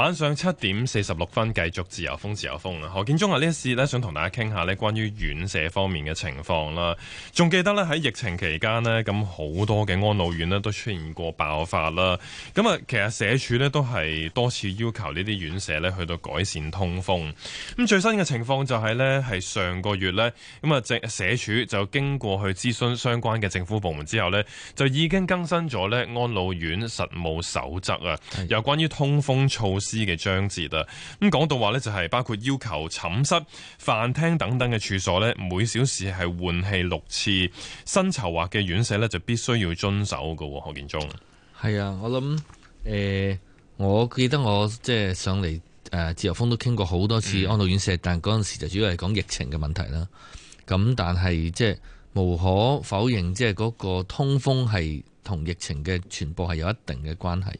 晚上七點四十六分，繼續自由風，自由風啊！何建中啊，呢一次咧，想同大家傾下咧，關於院舍方面嘅情況啦。仲記得咧，喺疫情期間咧，咁好多嘅安老院咧都出現過爆發啦。咁啊，其實社署咧都係多次要求呢啲院舍咧去到改善通風。咁最新嘅情況就係、是、咧，係上個月咧，咁啊，社社署就經過去諮詢相關嘅政府部門之後咧，就已經更新咗咧安老院實務守則啊，有關於通風措施。嘅章節啊，咁講到話呢，就係包括要求寢室、飯廳等等嘅處所咧，每小時係換氣六次。新籌劃嘅院舍呢，就必須要遵守嘅。何建忠，係啊，我諗誒、呃，我記得我即係上嚟誒、呃、自由風都傾過好多次安老院舍，嗯、但係嗰時就主要係講疫情嘅問題啦。咁但係即係無可否認，即係嗰、嗰個通風係同疫情嘅傳播係有一定嘅關係。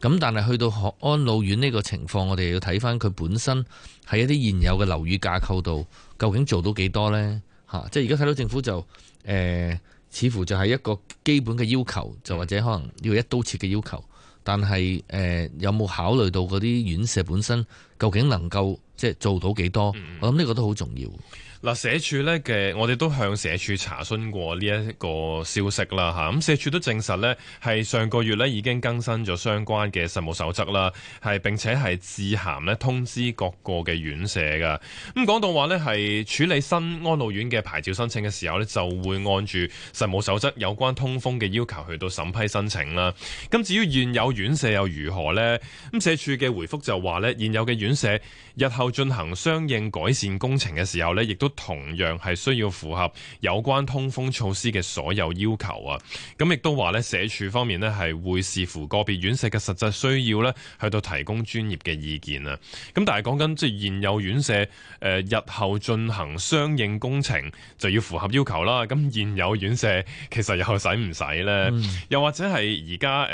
咁但係去到學安老院呢個情況，我哋要睇返佢本身喺一啲現有嘅樓宇架構度，究竟做到幾多呢？即係而家睇到政府就、呃、似乎就係一個基本嘅要求，就或者可能要一刀切嘅要求。但係、呃、有冇考慮到嗰啲院舍本身究竟能夠即係做到幾多？我諗呢個都好重要。嗱，社署咧嘅，我哋都向社署查詢過呢一個消息啦，吓，咁社署都證實咧，係上個月咧已經更新咗相關嘅實務守則啦，係並且係致函咧通知各個嘅院舍噶。咁講到話咧，係處理新安老院嘅牌照申請嘅時候咧，就會按住實務守則有關通風嘅要求去到審批申請啦。咁至於現有院舍又如何咧？咁社署嘅回覆就話咧，現有嘅院舍日後進行相應改善工程嘅時候咧，亦都都同樣係需要符合有關通風措施嘅所有要求啊！咁亦都話咧，社署方面咧係會視乎個別院舍嘅實際需要咧，去到提供專業嘅意見啊！咁但係講緊即係現有院舍，誒、呃，日後進行相應工程就要符合要求啦。咁現有院舍其實又使唔使呢？嗯、又或者係而家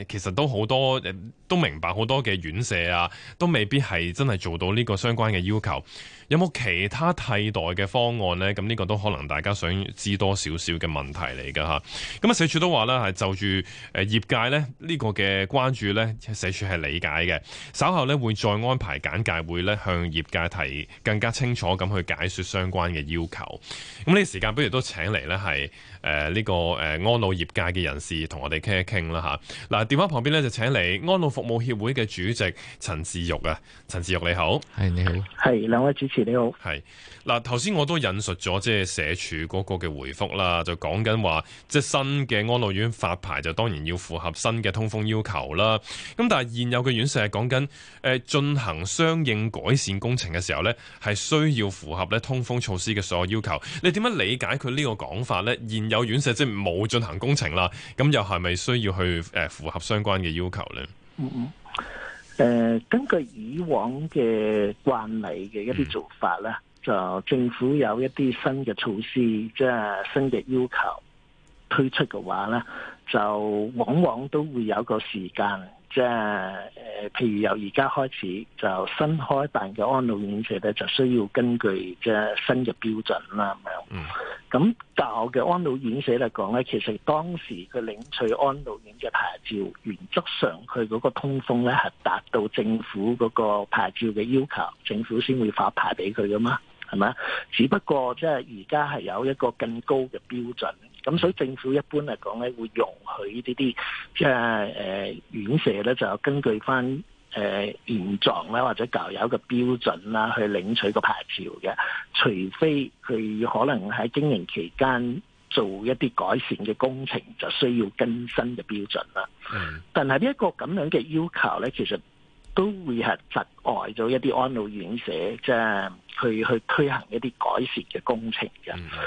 誒，其實都好多、呃、都明白好多嘅院舍啊，都未必係真係做到呢個相關嘅要求。有冇其他替代嘅方案呢？咁呢個都可能大家想知多少少嘅問題嚟噶嚇。咁啊，社署都話咧，係就住誒業界咧呢個嘅關注咧，社署係理解嘅。稍後咧會再安排簡介會咧向業界提更加清楚咁去解說相關嘅要求。咁呢時間不如都請嚟咧係。誒呢、呃這個誒、呃、安老業界嘅人士同我哋傾一傾啦嚇。嗱、啊、電話旁邊呢，就請嚟安老服務協會嘅主席陳志育啊，陳志育你好。係你好。係兩位主持你好。係嗱頭先我都引述咗即係社署嗰個嘅回覆啦，就講緊話即係新嘅安老院發牌就當然要符合新嘅通風要求啦。咁但係現有嘅院舍係講緊誒進行相應改善工程嘅時候呢，係需要符合咧通風措施嘅所有要求。你點樣理解佢呢個講法呢？現有有院舍即係冇進行工程啦，咁又係咪需要去誒符合相關嘅要求咧？嗯，嗯，誒、呃，根據以往嘅慣例嘅一啲做法咧，嗯、就政府有一啲新嘅措施，即係新嘅要求推出嘅話咧，就往往都會有個時間，即係誒、呃，譬如由而家開始就新開辦嘅安老院舍咧，就需要根據即係新嘅標準啦咁樣。嗯咁我嘅安老院舍嚟講咧，其實當時佢領取安老院嘅牌照，原則上佢嗰個通風咧係達到政府嗰個牌照嘅要求，政府先會發牌俾佢噶嘛，係咪啊？只不過即係而家係有一個更高嘅標準，咁所以政府一般嚟講咧會容許、呃、呢啲啲即係誒院舍咧，就根據翻。誒，現狀、呃、或者舊有一個標準啦，去領取個牌照嘅，除非佢可能喺經營期間做一啲改善嘅工程，就需要更新嘅標準啦。Mm hmm. 但係呢一個咁樣嘅要求呢，其實都會係窒礙咗一啲安老院舍，即係去去推行一啲改善嘅工程嘅。Mm hmm.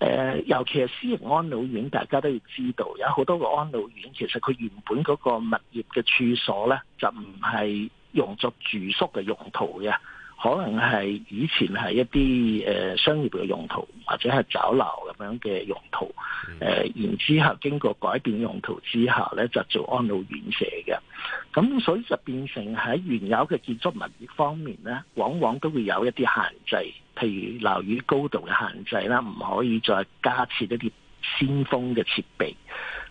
誒、呃，尤其係私營安老院，大家都要知道，有好多個安老院，其實佢原本嗰個物業嘅處所咧，就唔係用作住宿嘅用途嘅，可能係以前係一啲、呃、商業嘅用途，或者係酒樓咁樣嘅用途。嗯呃、然之後經過改變用途之後咧，就做安老院舍嘅。咁所以就變成喺原有嘅建築物業方面咧，往往都會有一啲限制。譬如樓宇高度嘅限制啦，唔可以再加設一啲先鋒嘅設備，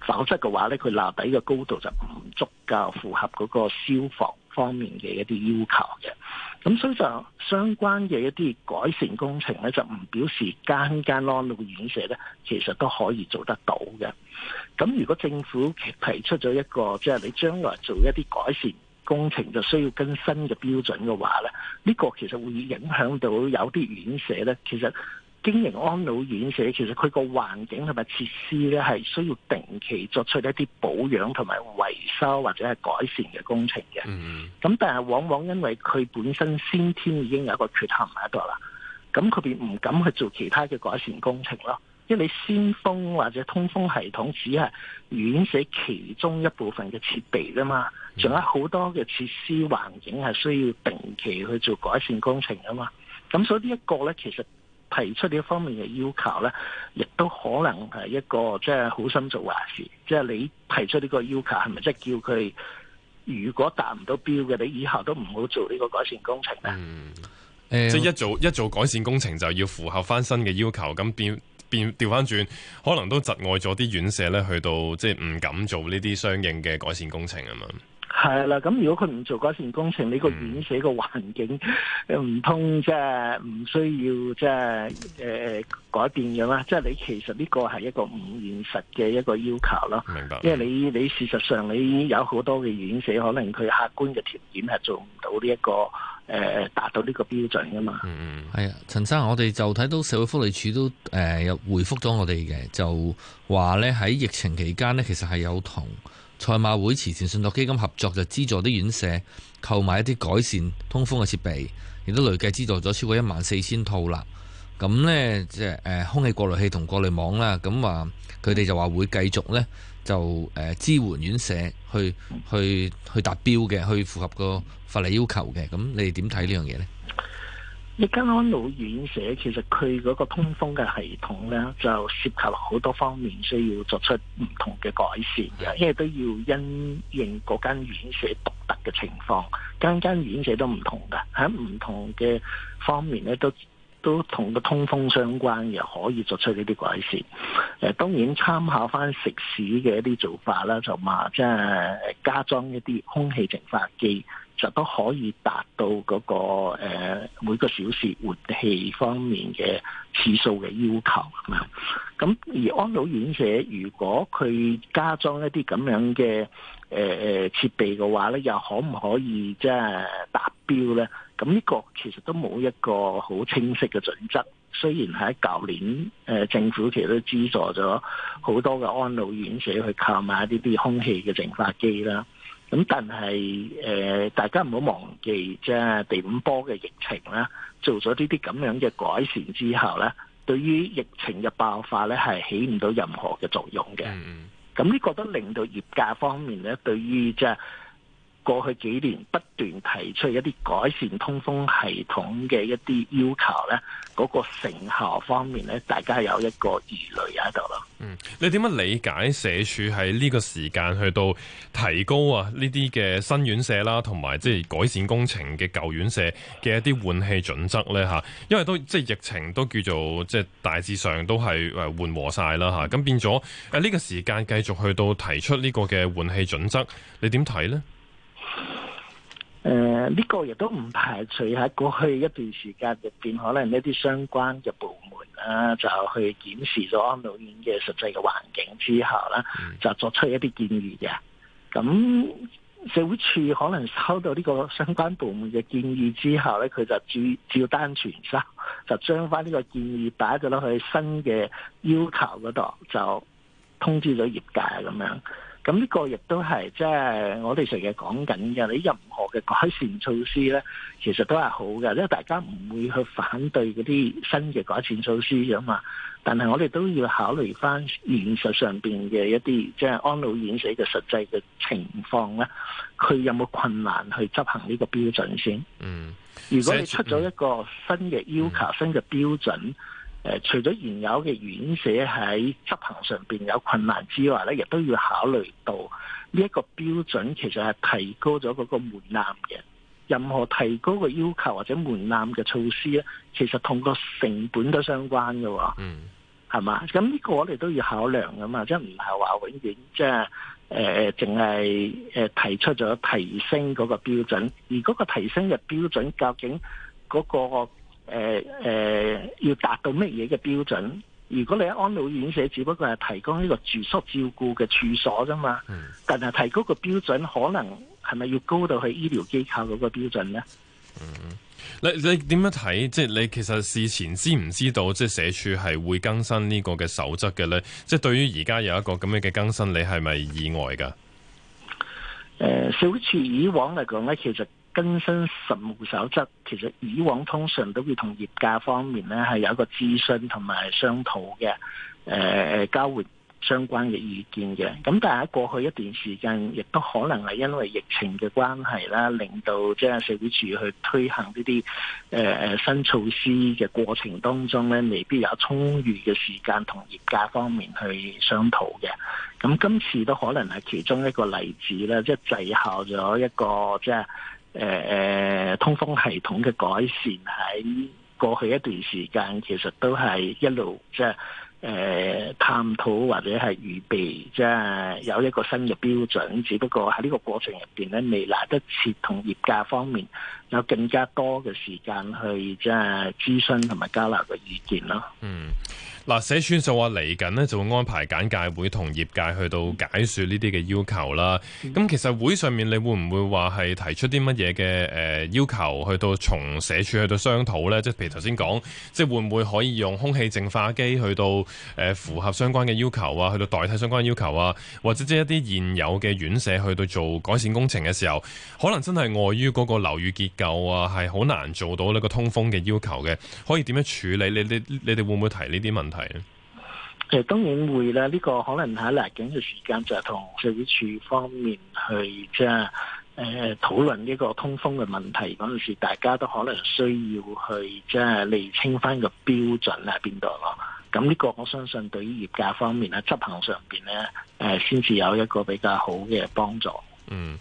否則嘅話咧，佢樓底嘅高度就唔足夠符合嗰個消防方面嘅一啲要求嘅。咁所以就相關嘅一啲改善工程咧，就唔表示間間安老院舍咧，其實都可以做得到嘅。咁如果政府提出咗一個，即係你將來做一啲改善工程就需要更新嘅標準嘅話咧，呢個其實會影響到有啲院舍咧。其實經營安老院舍，其實佢個環境同埋設施咧，係需要定期作出一啲保養同埋維修或者係改善嘅工程嘅。咁、mm hmm. 但係往往因為佢本身先天已經有一個缺陷喺度啦，咁佢便唔敢去做其他嘅改善工程咯。因為你鮮風或者通風系統只係院舍其中一部分嘅設備啫嘛，仲有好多嘅設施環境係需要定期去做改善工程啊嘛。咁所以呢一個咧，其實提出呢方面嘅要求咧，亦都可能係一個即係好心做壞事，即係你提出呢個要求係咪即係叫佢如果達唔到標嘅，你以後都唔好做呢個改善工程咧？誒、嗯，即係、嗯、一做一做改善工程就要符合翻新嘅要求，咁變？掉返轉，可能都窒礙咗啲院舍咧，去到即係唔敢做呢啲相應嘅改善工程啊嘛。係啦，咁如果佢唔做改善工程，你個院舍個環境唔通即係唔需要即係改變嘅啦。即係你其實呢個係一個唔現實嘅一個要求咯。明白。因為你你事實上你已經有好多嘅院舍，可能佢客觀嘅條件係做唔到呢一個。誒，達到呢個標準噶嘛？嗯嗯，係啊，陳生，我哋就睇到社會福利署都誒有、呃、回覆咗我哋嘅，就話呢，喺疫情期間呢，其實係有同賽馬會慈善信託基金合作，就資助啲院舍購買一啲改善通風嘅設備，亦都累計資助咗超過一萬四千套啦。咁呢，即係誒，空氣過濾器同過濾網啦。咁話佢哋就話會繼續呢。就誒、呃、支援院舍去去去達標嘅，去符合個法例要求嘅。咁你哋點睇呢樣嘢呢？咧？一間安老院舍其實佢嗰個通風嘅系統呢，就涉及好多方面，需要作出唔同嘅改善嘅，因為都要因應嗰間院舍獨特嘅情況，間間院舍都唔同㗎，喺唔同嘅方面呢都。都同個通風相關嘅，可以作出呢啲改善。誒、呃、當然參考翻食肆嘅一啲做法啦，就話即係加裝一啲空氣淨化機，就都可以達到嗰、那個、呃、每個小時換氣方面嘅次數嘅要求啊。咁而安老院舍如果佢加裝一啲咁樣嘅，誒誒，設、呃、備嘅話咧，又可唔可以即係達標咧？咁呢個其實都冇一個好清晰嘅準則。雖然喺舊年，誒、呃、政府其實都資助咗好多嘅安老院舍去購買一啲啲空氣嘅淨化機啦。咁但係誒、呃，大家唔好忘記，即、呃、係第五波嘅疫情啦，做咗呢啲咁樣嘅改善之後咧，對於疫情嘅爆發咧，係起唔到任何嘅作用嘅。嗯咁呢個都令到業界方面咧，對於即係，過去幾年不斷提出一啲改善通風系統嘅一啲要求呢嗰、嗰個成效方面呢，大家有一個疑慮喺度咯。嗯，你點樣理解社署喺呢個時間去到提高啊？呢啲嘅新院舍啦、啊，同埋即係改善工程嘅舊院舍嘅一啲換氣準則呢？吓，因為都即係、即係、疫情都叫做即係、即係、大致上都係誒緩和晒啦吓，咁、啊、變咗誒呢個時間繼續去到提出呢個嘅換氣準則，你點睇呢？誒，呢、呃這個亦都唔排除喺過去一段時間入邊，可能一啲相關嘅部門啊，就去檢視咗安老院嘅實際嘅環境之後啦，嗯、就作出一啲建議嘅。咁社會署可能收到呢個相關部門嘅建議之後咧，佢就照照單全收，就將翻呢個建議擺咗落去新嘅要求嗰度，就通知咗業界咁樣。咁呢個亦都係即係我哋成日講緊嘅，你任何嘅改善措施咧，其實都係好嘅，因為大家唔會去反對嗰啲新嘅改善措施嘅嘛。但係我哋都要考慮返現實上面嘅一啲即係安老院舍嘅實際嘅情況咧，佢有冇困難去執行呢個標準先？嗯，如果你出咗一個新嘅要求、嗯、新嘅標準。誒，除咗原有嘅院舍喺執行上邊有困難之外咧，亦都要考慮到呢一個標準其實係提高咗嗰個門檻嘅。任何提高個要求或者門檻嘅措施咧，其實同個成本都相關嘅喎。嗯，係嘛？咁呢個我哋都要考量㗎嘛，即係唔係話永遠即係誒，淨係誒提出咗提升嗰個標準，而嗰個提升嘅標準究竟嗰個？誒誒、呃呃，要達到乜嘢嘅標準？如果你喺安老院舍，只不過係提供呢個住宿照顧嘅處所啫嘛。嗯、但係提高個標準，可能係咪要高到去醫療機構嗰個標準呢？嗯。你你點樣睇？即係你其實事前知唔知道？即係社署係會更新呢個嘅守則嘅呢？即係對於而家有一個咁樣嘅更新，你係咪意外噶？誒、呃，好似以往嚟講呢，其實。更新實務守則，其實以往通常都會同業界方面咧係有一個諮詢同埋商討嘅，誒、呃、交換相關嘅意見嘅。咁但係喺過去一段時間，亦都可能係因為疫情嘅關係啦，令到即係社署去推行呢啲誒誒新措施嘅過程當中咧，未必有充裕嘅時間同業界方面去商討嘅。咁、嗯、今次都可能係其中一個例子啦，即係滯後咗一個即係，就是誒誒，通風系統嘅改善喺過去一段時間，其實都係一路即係誒探討或者係預備，即係有一個新嘅標準。只不過喺呢個過程入邊咧，未嚟得切同業界方面。有更加多嘅時間去即係諮詢同埋交流嘅意見咯。嗯，嗱，社署就話嚟緊咧就會安排簡介會同業界去到解説呢啲嘅要求啦。咁、嗯、其實會上面你會唔會話係提出啲乜嘢嘅誒要求去到從社署去到商討呢？即係譬如頭先講，即係會唔會可以用空氣淨化機去到誒符合相關嘅要求啊？去到代替相關要求啊？或者即係一啲現有嘅院舍去到做改善工程嘅時候，可能真係礙於嗰個樓宇結構。有啊，係好難做到呢個通風嘅要求嘅，可以點樣處理？你你你哋會唔會提呢啲問題咧？誒，當然會啦。呢、這個可能喺嚟緊嘅時間，就係同社署方面去即係誒討論呢個通風嘅問題嗰陣時，大家都可能需要去即係釐清翻個標準喺邊度咯。咁呢個我相信對於業界方面咧，執行上邊呢，誒、呃，先至有一個比較好嘅幫助。嗯。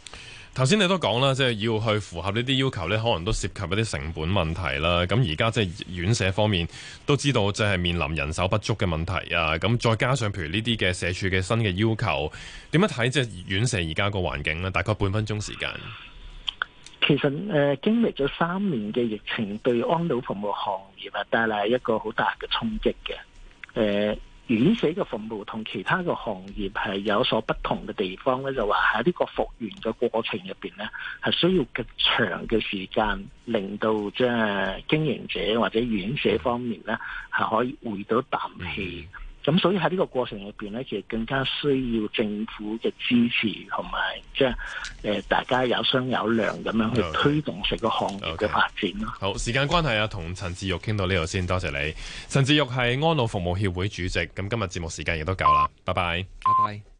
頭先你都講啦，即係要去符合呢啲要求呢，可能都涉及一啲成本問題啦。咁而家即係院舍方面都知道，即係面臨人手不足嘅問題啊。咁再加上譬如呢啲嘅社署嘅新嘅要求，點樣睇即係院舍而家個環境呢，大概半分鐘時間？其實誒、呃，經歷咗三年嘅疫情，對安老服務行業啊，帶來一個好大嘅衝擊嘅，誒、呃。院舍嘅服務同其他嘅行業係有所不同嘅地方咧，就話喺呢個復原嘅過程入邊咧，係需要更長嘅時間，令到即係經營者或者院舍方面咧，係可以回到啖氣。Mm hmm. 咁所以喺呢個過程入邊咧，其實更加需要政府嘅支持，同埋即係誒，大家有商有量咁樣去推動成個行業嘅發展啦。Okay. Okay. 好，時間關係啊，同陳志育傾到呢度先，多謝你。陳志育係安老服務協會主席。咁今日節目時間亦都夠啦，拜拜。拜拜。